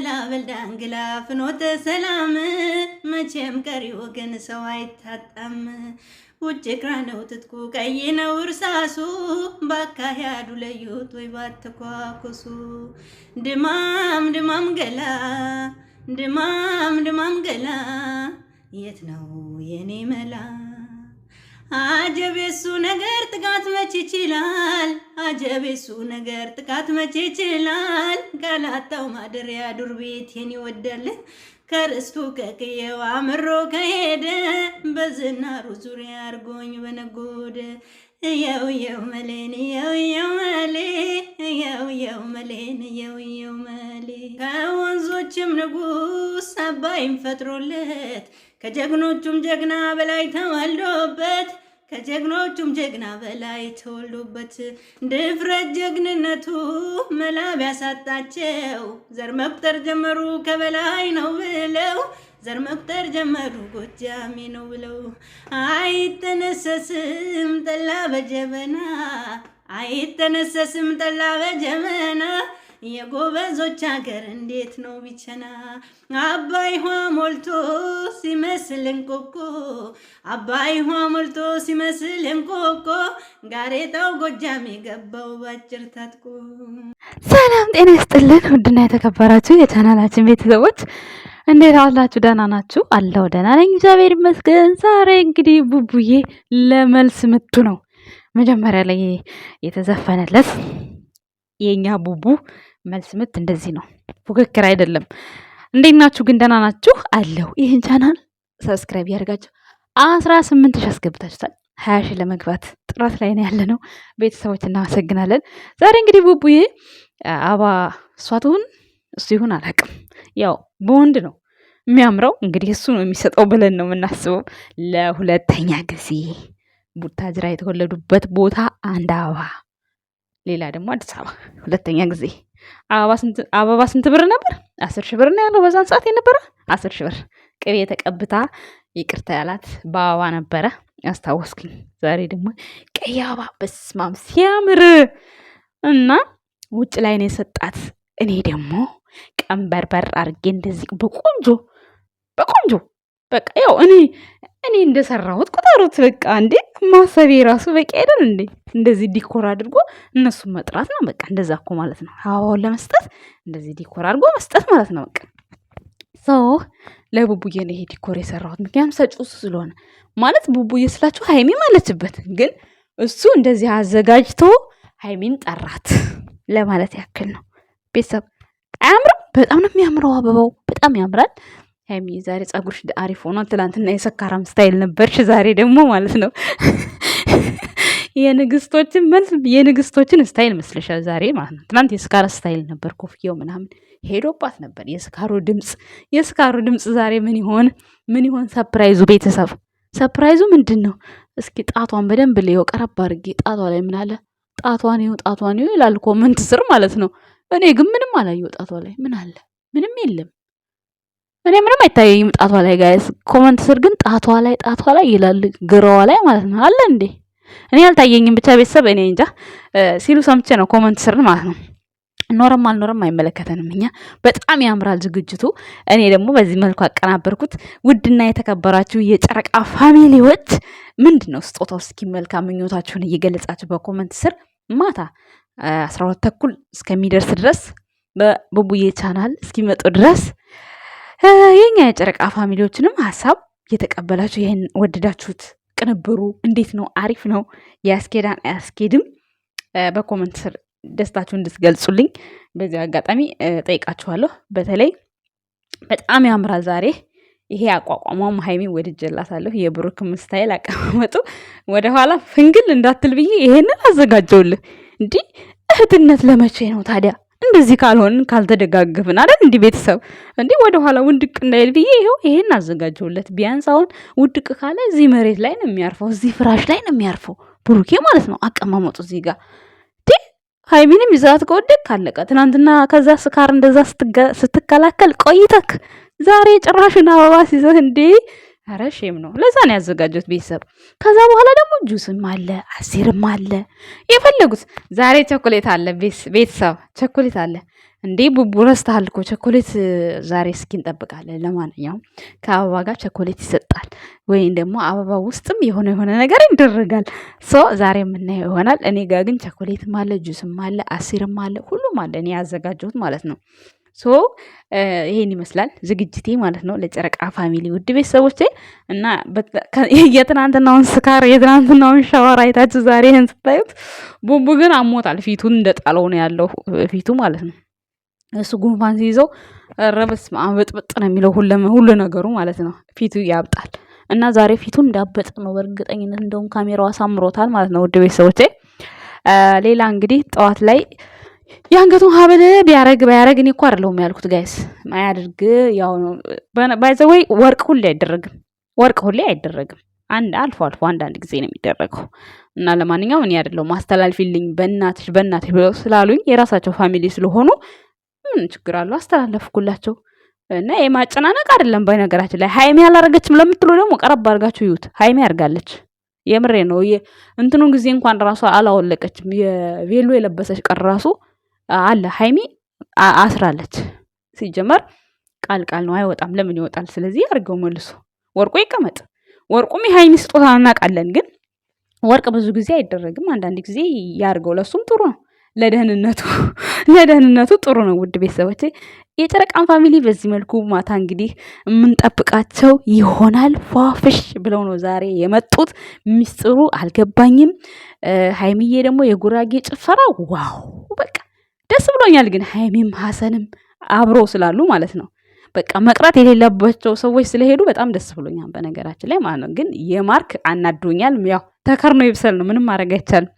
መላበል ዳንግላ ፍኖተ ሰላም መቼም ቀሪ ወገን ሰው አይታጣም። ውጭ ክራነው ትጥቁ ቀይ ነው እርሳሱ በአካያዱ ለዩት ወይ ባትኳኩሱ ድማም ድማም ገላ ድማም ድማም ገላ የት ነው የኔ መላ አጀቤሱ መቼ ይችላል አጀብ እሱ ነገር ጥቃት መቼ ይችላል ቀላጣው ማደሪያ ዱር ቤት የኔ ይወዳል ከርስቱ ከቅየው አምሮ ከሄደ በዝናሩ ዙሪያ አርጎኝ በነጎደ እየው የው መሌን እየው የው መሌ እየው የው መሌን እየው የው መሌ ከወንዞችም ንጉስ አባይም ፈጥሮለት ከጀግኖቹም ጀግና በላይ ተዋልዶበት ከጀግኖቹም ጀግና በላይ ተወልዶበት ድፍረት ጀግንነቱ መላ ቢያሳጣቸው ዘር መቁጠር ጀመሩ ከበላይ ነው ብለው ዘር መቁጠር ጀመሩ ጎጃሜ ነው ብለው አይተነሰስም ጠላ በጀበና አይተነሰስም ጠላ በጀበና የጎበዞች ሀገር እንዴት ነው ቢቸና አባይ ውሃ ሞልቶ ሲመስል እንቆቆ አባይ ውሃ ሞልቶ ሲመስል እንቆቆ ጋሬጣው ጎጃም የገባው ባጭር ታጥቆ። ሰላም ጤና ይስጥልን። ውድና የተከበራችሁ የቻናላችን ቤተሰቦች እንዴት አላችሁ? ደህና ናችሁ? አለው ደህና ነኝ፣ እግዚአብሔር ይመስገን። ዛሬ እንግዲህ ቡቡዬ ለመልስ ምቱ ነው መጀመሪያ ላይ የተዘፈነለት የኛ ቡቡ መልስ ምት እንደዚህ ነው። ፉክክር አይደለም። እንዴት ናችሁ ግን? ደህና ናችሁ አለው። ይህን ቻናል ሰብስክራይብ ያደርጋችሁ አስራ ስምንት ሺ አስገብታችሁታል። ሀያ ሺ ለመግባት ጥረት ላይ ነው ያለ ነው። ቤተሰቦች እናመሰግናለን። ዛሬ እንግዲህ ቡቡዬ አባ እሷ ትሁን እሱ ይሁን አላውቅም። ያው በወንድ ነው የሚያምረው እንግዲህ እሱ ነው የሚሰጠው ብለን ነው የምናስበው። ለሁለተኛ ጊዜ ቡታጅራ የተወለዱበት ቦታ አንድ አበባ ሌላ ደግሞ አዲስ አበባ ሁለተኛ ጊዜ አበባ ስንት ብር ነበር? አስር ሺህ ብር ነው ያለው በዛን ሰዓት የነበረ አስር ሽብር ብር ቅቤ ተቀብታ ይቅርታ ያላት በአበባ ነበረ። ያስታወስኩኝ። ዛሬ ደግሞ ቀይ አበባ በስማም ሲያምር እና ውጭ ላይ ነው የሰጣት። እኔ ደግሞ ቀንበርበር አርጌ እንደዚህ በቆንጆ በቆንጆ በቃ ያው እኔ እኔ እንደሰራሁት ቁጠሩት። በቃ እንዴ ማሰቤ ራሱ በቂ አይደል እንዴ? እንደዚህ ዲኮር አድርጎ እነሱን መጥራት ነው በቃ። እንደዛ እኮ ማለት ነው አበባውን ለመስጠት እንደዚህ ዲኮር አድርጎ መስጠት ማለት ነው በቃ። ሰው ለቡቡዬ ነው ይሄ ዲኮር የሰራሁት፣ ምክንያቱም ሰጪው እሱ ስለሆነ ማለት ቡቡዬ ስላችሁ ሀይሚ ማለችበት፣ ግን እሱ እንደዚህ አዘጋጅቶ ሀይሚን ጠራት ለማለት ያክል ነው። ቤተሰብ አያምርም? በጣም ነው የሚያምረው አበባው፣ በጣም ያምራል። ሀይሚ ዛሬ ጸጉርሽ አሪፍ ሆኗል። ትላንትና የሰካራም ስታይል ነበርሽ፣ ዛሬ ደግሞ ማለት ነው የንግስቶችን መልስ የንግስቶችን ስታይል መስለሻል ዛሬ ማለት ነው። ትናንት የስካራ ስታይል ነበር፣ ኮፍያው ምናምን ሄዶባት ነበር። የስካሩ ድምፅ የስካሩ ድምፅ ዛሬ ምን ይሆን ምን ይሆን? ሰፕራይዙ ቤተሰብ ሰፕራይዙ ምንድን ነው? እስኪ ጣቷን በደንብ ልየው፣ ቀረብ አድርጌ ጣቷ ላይ ምን አለ? ጣቷን ይኸው ጣቷን ይኸው ይላል ኮመንት ስር ማለት ነው። እኔ ግን ምንም አላየው ጣቷ ላይ ምን አለ? ምንም የለም። እኔ ምንም አይታየኝም ጣቷ ላይ ጋይስ። ኮመንት ስር ግን ጣቷ ላይ ጣቷ ላይ ይላል ግረዋ ላይ ማለት ነው አለ እንዴ። እኔ አልታየኝም ብቻ ቤተሰብ እኔ እንጃ ሲሉ ሰምቼ ነው ኮመንት ስር ማለት ነው። ኖረም አልኖረም አይመለከተንም። እኛ በጣም ያምራል ዝግጅቱ። እኔ ደግሞ በዚህ መልኩ አቀናበርኩት። ውድና የተከበራችሁ የጨረቃ ፋሚሊዎች ምንድን ነው ስጦታው? እስኪ መልካም ምኞታችሁን እየገለጻችሁ በኮመንት ስር ማታ አስራ ሁለት ተኩል እስከሚደርስ ድረስ በቡቡዬ ቻናል እስኪመጡ ድረስ የኛ የጨረቃ ፋሚሊዎችንም ሀሳብ እየተቀበላችሁ ይህን ወደዳችሁት፣ ቅንብሩ እንዴት ነው? አሪፍ ነው? የአስኬዳን አያስኬድም? በኮመንት ስር ደስታችሁ እንድትገልጹልኝ በዚህ አጋጣሚ ጠይቃችኋለሁ። በተለይ በጣም ያምራል ዛሬ ይሄ አቋቋሟም ሀይሚ ወድጀላታለሁ። የብሩክ ምስታይል አቀማመጡ ወደኋላ ፍንግል እንዳትል ብዬ ይሄንን አዘጋጀውልህ። እንዲህ እህትነት ለመቼ ነው ታዲያ? እንደዚህ ካልሆን ካልተደጋገፍን አይደል? እንዲህ ቤተሰብ እንዲህ ወደኋላ ውድቅ እንዳይል ብዬ ይኸው ይሄን አዘጋጀሁለት። ቢያንስ አሁን ውድቅ ካለ እዚህ መሬት ላይ ነው የሚያርፈው፣ እዚህ ፍራሽ ላይ ነው የሚያርፈው ብሩኬ ማለት ነው። አቀማመጡ እዚህ ጋር ሀይሚንም ይዛት ከወደቅ ካለቀ። ትናንትና ከዛ ስካር እንደዛ ስትከላከል ቆይተክ ዛሬ ጭራሽን አበባ ሲዘህ እንዴ ኧረ ሼም ነው። ለዛ ነው ያዘጋጀሁት ቤተሰብ። ከዛ በኋላ ደግሞ ጁስም አለ፣ አሲርም አለ፣ የፈለጉት ዛሬ ቸኮሌት አለ። ቤተሰብ ቸኮሌት አለ እንዴ! ቡቡ ረስተሃል እኮ ቸኮሌት ዛሬ እስኪ እንጠብቃለን። ለማንኛውም ከአበባ ጋር ቸኮሌት ይሰጣል ወይም ደግሞ አበባ ውስጥም የሆነ የሆነ ነገር ይደረጋል። ሶ ዛሬ የምናየው ይሆናል። እኔ ጋር ግን ቸኮሌትም አለ፣ ጁስም አለ፣ አሲርም አለ፣ ሁሉም አለ እኔ ያዘጋጀሁት ማለት ነው። ሶ ይሄን ይመስላል ዝግጅቴ ማለት ነው። ለጨረቃ ፋሚሊ ውድ ቤተሰቦች እና የትናንትናውን ስካር የትናንትናውን ሻወር አይታችሁ ዛሬ ይህን ስታዩት፣ ቡቡ ግን አሞታል። ፊቱን እንደጣለው ነው ያለው ፊቱ ማለት ነው። እሱ ጉንፋን ሲይዘው ረበስ በጥበጥ ነው የሚለው ሁሉ ነገሩ ማለት ነው። ፊቱ ያብጣል እና ዛሬ ፊቱ እንዳበጠ ነው በእርግጠኝነት። እንደውም ካሜራው አሳምሮታል ማለት ነው። ውድ ቤተሰቦች ሌላ እንግዲህ ጠዋት ላይ የአንገቱን ሀብል ቢያረግ ባያረግ እኔ እኮ አይደለሁም ያልኩት ጋይስ አያድርግ። ያው ባይዘወይ ወርቅ ሁሌ አይደረግም፣ ወርቅ ሁሌ አይደረግም። አንድ አልፎ አልፎ አንዳንድ ጊዜ ነው የሚደረገው። እና ለማንኛውም እኔ አይደለሁም አስተላልፊልኝ በእናትሽ በእናትሽ ብለው ስላሉኝ የራሳቸው ፋሚሊ ስለሆኑ ምን ችግር አለው አስተላለፍኩላቸው። እና የማጨናነቅ አይደለም። በነገራችን ላይ ሀይሜ አላረገችም ለምትሉ ደግሞ ቀረብ አድርጋችሁ ይዩት። ሀይሜ አድርጋለች። የምሬ ነው። እንትኑን ጊዜ እንኳን ራሷ አላወለቀችም። የቬሎ የለበሰች ቀር ራሱ አለ ሀይሚ አስራለች። ሲጀመር ቃል ቃል ነው አይወጣም። ለምን ይወጣል? ስለዚህ አድርገው መልሶ ወርቁ ይቀመጥ። ወርቁም የሀይሚ ስጦታ እናውቃለን፣ ግን ወርቅ ብዙ ጊዜ አይደረግም። አንዳንድ ጊዜ ያድርገው። ለሱም ጥሩ ነው፣ ለደህንነቱ ለደህንነቱ ጥሩ ነው። ውድ ቤተሰቦች የጨረቃን ፋሚሊ በዚህ መልኩ ማታ እንግዲህ የምንጠብቃቸው ይሆናል። ፏፍሽ ብለው ነው ዛሬ የመጡት። ሚስጥሩ አልገባኝም። ሀይሚዬ ደግሞ የጉራጌ ጭፈራ ዋው በቃ ደስ ብሎኛል። ግን ሀይሚም ሀሰንም አብሮ ስላሉ ማለት ነው በቃ መቅረት የሌለባቸው ሰዎች ስለሄዱ በጣም ደስ ብሎኛል። በነገራችን ላይ ማለት ነው። ግን የማርክ አናዶኛል። ያው ተከርኖ ይብሰል ነው፣ ምንም ማድረግ አይቻልም።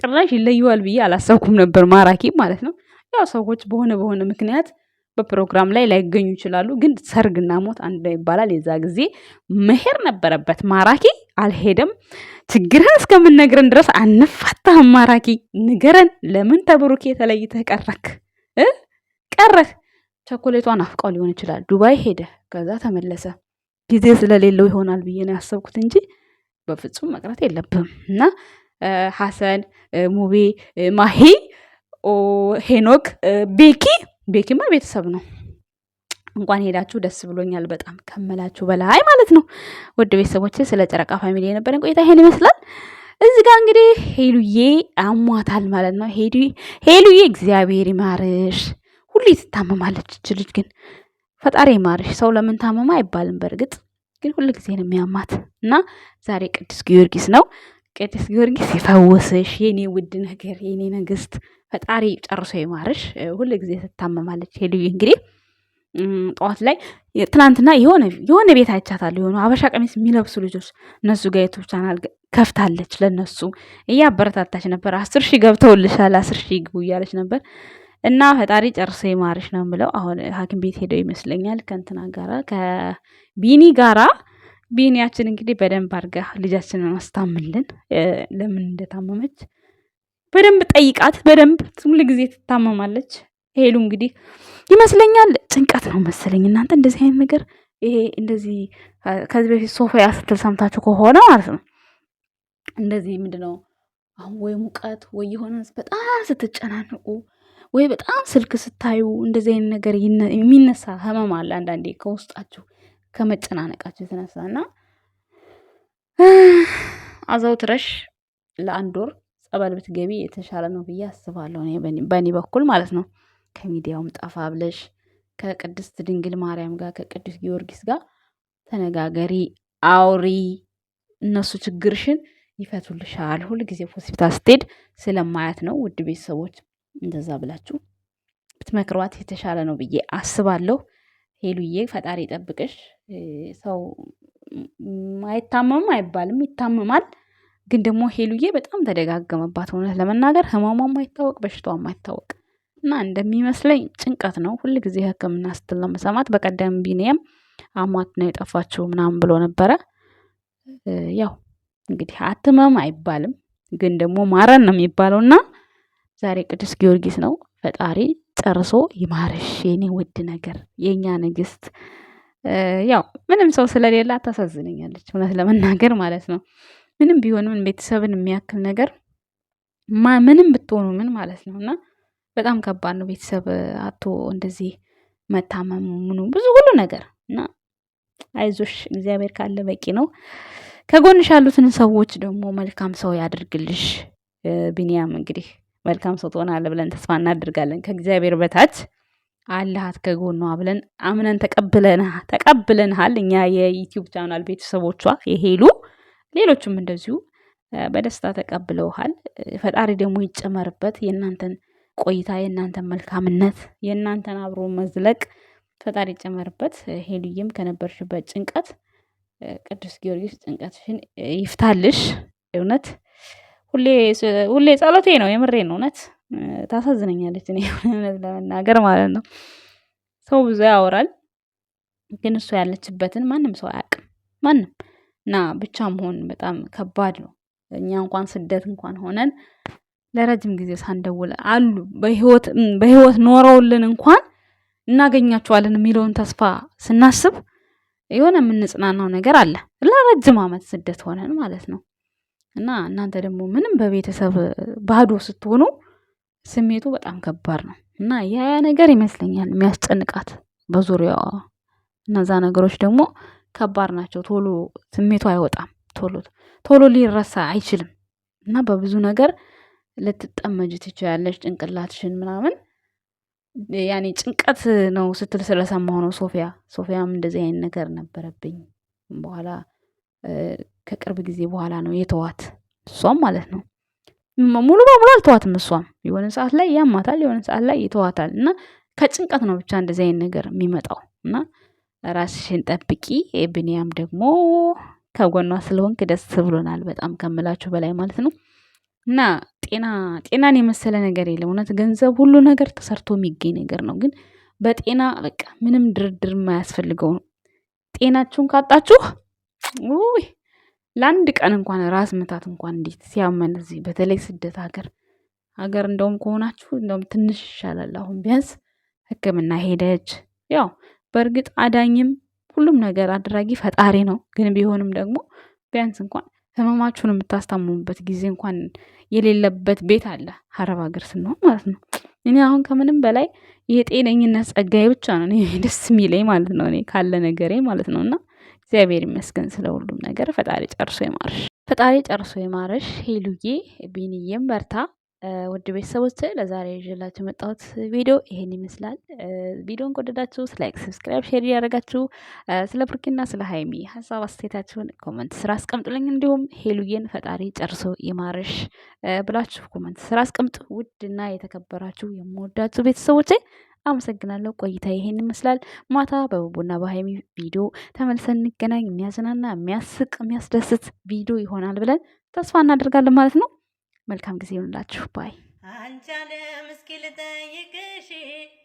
ጭራሽ ይለየዋል ብዬ አላሰብኩም ነበር። ማራኪ ማለት ነው። ያው ሰዎች በሆነ በሆነ ምክንያት በፕሮግራም ላይ ላይገኙ ይችላሉ። ግን ሰርግና ሞት አንድ ነው ይባላል። የዛ ጊዜ መሄድ ነበረበት ማራኪ አልሄደም። ችግርህን እስከምነግረን ድረስ አንፋታ። ማራኪ ንገረን፣ ለምን ተብሩኬ የተለይተ ቀረክ ቀረህ? ቸኮሌቷን አፍቃው ሊሆን ይችላል። ዱባይ ሄደ፣ ከዛ ተመለሰ። ጊዜ ስለሌለው ይሆናል ብዬ ነው ያሰብኩት እንጂ በፍጹም መቅረት የለብም እና ሐሰን ሙቤ፣ ማሂ፣ ሄኖክ፣ ቤኪ ቤኪማ ቤተሰብ ነው። እንኳን ሄዳችሁ ደስ ብሎኛል በጣም ከመላችሁ በላይ ማለት ነው። ውድ ቤተሰቦች ስለ ጨረቃ ፋሚሊ የነበረን ቆይታ ይሄን ይመስላል። እዚ ጋር እንግዲህ ሄሉዬ አሟታል ማለት ነው። ሄሉዬ እግዚአብሔር ይማርሽ። ሁሌ ትታመማለች እች ልጅ ግን ፈጣሪ ይማርሽ። ሰው ለምን ታመማ አይባልም። በእርግጥ ግን ሁል ጊዜ ነው የሚያማት እና ዛሬ ቅዱስ ጊዮርጊስ ነው። ቅዱስ ጊዮርጊስ የፈወሰሽ የኔ ውድ ነገር የኔ ንግስት፣ ፈጣሪ ጨርሶ ይማርሽ። ሁል ጊዜ ትታመማለች ሄሉዬ እንግዲህ ጠዋት ላይ ትናንትና የሆነ የሆነ ቤት አይቻታለሁ። የሆኑ አበሻ ቀሚስ የሚለብሱ ልጆች እነሱ ጋር ዩቱብ ቻናል ከፍታለች። ለነሱ እያበረታታች ነበር። አስር ሺህ ገብተውልሻል፣ አስር ሺህ ይግቡ እያለች ነበር እና ፈጣሪ ጨርሶ ይማርሽ ነው የምለው። አሁን ሐኪም ቤት ሄደው ይመስለኛል ከእንትና ጋራ ከቢኒ ጋራ ቢኒያችን እንግዲህ በደንብ አድርጋ ልጃችንን አስታምልን። ለምን እንደታመመች በደንብ ጠይቃት። በደንብ ሁሉ ጊዜ ትታመማለች። ሄሉ እንግዲህ ይመስለኛል ጭንቀት ነው መሰለኝ። እናንተ እንደዚህ አይነት ነገር ይሄ እንደዚህ ከዚህ በፊት ሶፊያ ስትል ሰምታችሁ ከሆነ ማለት ነው እንደዚህ ምንድን ነው አሁን ወይ ሙቀት ወይ የሆነ በጣም ስትጨናንቁ ወይ በጣም ስልክ ስታዩ እንደዚህ አይነት ነገር የሚነሳ ህመም አለ አንዳንዴ ከውስጣችሁ ከመጨናነቃችሁ የተነሳ እና አዘውትረሽ ለአንድ ወር ጸበል ብትገቢ የተሻለ ነው ብዬ አስባለሁ በእኔ በኩል ማለት ነው። ከሚዲያውም ጠፋ ብለሽ ከቅድስት ድንግል ማርያም ጋር ከቅዱስ ጊዮርጊስ ጋር ተነጋገሪ፣ አውሪ። እነሱ ችግርሽን ይፈቱልሻል። ሁልጊዜ ጊዜ ሆስፒታል ስትሄድ ስለማያት ነው። ውድ ቤተሰቦች እንደዛ ብላችሁ ብትመክሯት የተሻለ ነው ብዬ አስባለሁ። ሄሉዬ ፈጣሪ ይጠብቅሽ። ሰው አይታመምም አይባልም፣ ይታመማል። ግን ደግሞ ሄሉዬ በጣም ተደጋገመባት። እውነት ለመናገር ህመሟም አይታወቅ፣ በሽታዋም አይታወቅ። እና እንደሚመስለኝ ጭንቀት ነው። ሁል ጊዜ ህክምና ስትል ነው መሰማት። በቀደም ቢኒየም አሟት ነው የጠፋችው ምናምን ብሎ ነበረ። ያው እንግዲህ አትመም አይባልም ግን ደግሞ ማረን ነው የሚባለው እና ዛሬ ቅዱስ ጊዮርጊስ ነው። ፈጣሪ ጨርሶ ይማርሽ የኔ ውድ ነገር የእኛ ንግስት። ያው ምንም ሰው ስለሌላ ታሳዝነኛለች እውነት ለመናገር ማለት ነው። ምንም ቢሆን ምን ቤተሰብን የሚያክል ነገር ምንም ብትሆኑ ምን ማለት ነው እና በጣም ከባድ ነው። ቤተሰብ አቶ እንደዚህ መታመሙ ምኑ ብዙ ሁሉ ነገር እና አይዞሽ፣ እግዚአብሔር ካለ በቂ ነው። ከጎንሽ ያሉትን ሰዎች ደግሞ መልካም ሰው ያድርግልሽ። ቢኒያም እንግዲህ መልካም ሰው ትሆናለህ ብለን ተስፋ እናደርጋለን። ከእግዚአብሔር በታች አለሃት ከጎኗ ብለን አምነን ተቀብለንሃል። እኛ የዩቲዩብ ቻናል ቤተሰቦቿ የሄሉ ሌሎችም እንደዚሁ በደስታ ተቀብለውሃል። ፈጣሪ ደግሞ ይጨመርበት የእናንተን ቆይታ፣ የእናንተን መልካምነት፣ የእናንተን አብሮ መዝለቅ ፈጣሪ ይጨመርበት። ሄሉዬም ከነበርሽበት ጭንቀት ቅዱስ ጊዮርጊስ ጭንቀትሽን ይፍታልሽ። እውነት ሁሌ ጸሎቴ ነው። የምሬ ነው እውነት ታሳዝነኛለች። እኔ እውነት ለመናገር ማለት ነው ሰው ብዙ ያወራል፣ ግን እሷ ያለችበትን ማንም ሰው አያውቅም። ማንም እና ብቻ መሆን በጣም ከባድ ነው። እኛ እንኳን ስደት እንኳን ሆነን ለረጅም ጊዜ ሳንደውል አሉ በህይወት ኖረውልን እንኳን እናገኛቸዋለን የሚለውን ተስፋ ስናስብ የሆነ የምንጽናናው ነገር አለ። ለረጅም ዓመት ስደት ሆነን ማለት ነው። እና እናንተ ደግሞ ምንም በቤተሰብ ባዶ ስትሆኑ ስሜቱ በጣም ከባድ ነው እና ያ ነገር ይመስለኛል የሚያስጨንቃት በዙሪያዋ እነዛ ነገሮች ደግሞ ከባድ ናቸው። ቶሎ ስሜቱ አይወጣም። ቶሎ ቶሎ ሊረሳ አይችልም እና በብዙ ነገር ልትጠመጅ ትችላለች ጭንቅላትሽን ምናምን ያኔ ጭንቀት ነው ስትል ስለሰማሁ ነው። ሶፊያ ሶፊያም እንደዚህ አይነት ነገር ነበረብኝ። በኋላ ከቅርብ ጊዜ በኋላ ነው የተዋት እሷም ማለት ነው። ሙሉ በሙሉ አልተዋትም እሷም የሆነ ሰዓት ላይ ያማታል፣ የሆነ ሰዓት ላይ ይተዋታል። እና ከጭንቀት ነው ብቻ እንደዚህ አይነት ነገር የሚመጣው እና ራስሽን ጠብቂ። ብንያም ደግሞ ከጎኗ ስለሆንክ ደስ ብሎናል በጣም ከምላችሁ በላይ ማለት ነው እና ጤና ጤናን የመሰለ ነገር የለም። እውነት ገንዘብ ሁሉ ነገር ተሰርቶ የሚገኝ ነገር ነው። ግን በጤና በቃ ምንም ድርድር የማያስፈልገው ነው። ጤናችሁን ካጣችሁ ውይ ለአንድ ቀን እንኳን ራስ ምታት እንኳን እንዴት ሲያመን እዚህ በተለይ ስደት ሀገር ሀገር እንደውም ከሆናችሁ እንደውም ትንሽ ይሻላል። አሁን ቢያንስ ሕክምና ሄደች ያው በእርግጥ አዳኝም ሁሉም ነገር አድራጊ ፈጣሪ ነው። ግን ቢሆንም ደግሞ ቢያንስ እንኳን ህመማችሁን የምታስታምሙበት ጊዜ እንኳን የሌለበት ቤት አለ፣ ሀረብ ሀገር ስንሆን ማለት ነው። እኔ አሁን ከምንም በላይ የጤነኝነት ጸጋዬ ብቻ ነው ደስ የሚለኝ ማለት ነው። እኔ ካለ ነገሬ ማለት ነው። እና እግዚአብሔር ይመስገን ስለ ሁሉም ነገር። ፈጣሪ ጨርሶ ይማርሽ፣ ፈጣሪ ጨርሶ ይማርሽ ሄሉዬ፣ ቢንዬም በርታ። ውድ ቤተሰቦች ለዛሬ ይዤላችሁ የመጣሁት ቪዲዮ ይሄን ይመስላል። ቪዲዮን ከወደዳችሁ ላይክ፣ ሰብስክራይብ፣ ሼር እያደረጋችሁ ስለ ብሩኬና ስለ ሀይሚ ሀሳብ አስተያየታችሁን ኮመንት ስራ አስቀምጡልኝ። እንዲሁም ሄሉዬን ፈጣሪ ጨርሶ ይማርሽ ብላችሁ ኮመንት ስራ አስቀምጡ። ውድና የተከበራችሁ የምወዳችሁ ቤተሰቦች አመሰግናለሁ። ቆይታ ይሄን ይመስላል። ማታ በቡቡና በሀይሚ ቪዲዮ ተመልሰን እንገናኝ። የሚያዝናና የሚያስቅ የሚያስደስት ቪዲዮ ይሆናል ብለን ተስፋ እናደርጋለን ማለት ነው። መልካም ጊዜ ይሆንላችሁ። ባይ አንቺ አለም እስኪ ልጠይቅሽ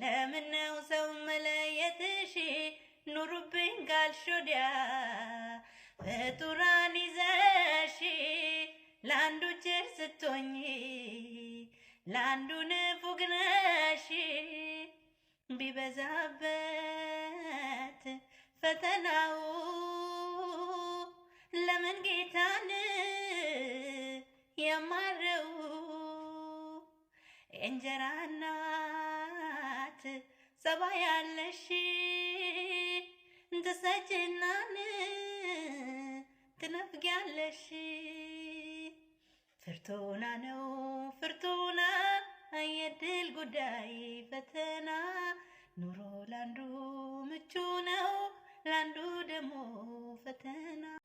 ለምን ሰው መለየትሽ? ኑሩብኝ ካልሽ ወዲያ ፍጡራን ይዘሽ ለአንዱ ቸር ስቶኝ ለአንዱ ንፉግ ቢበዛበት ፈተናው ለምን የማረው የእንጀራ እናት ጸባይ ያለሽ ትሰጭናን ትነፍጊያለሽ። ፍርቱና ነው ፍርቱና የድል ጉዳይ ፈተና ኑሮ ላንዱ ምቹ ነው ላንዱ ደግሞ ፈተና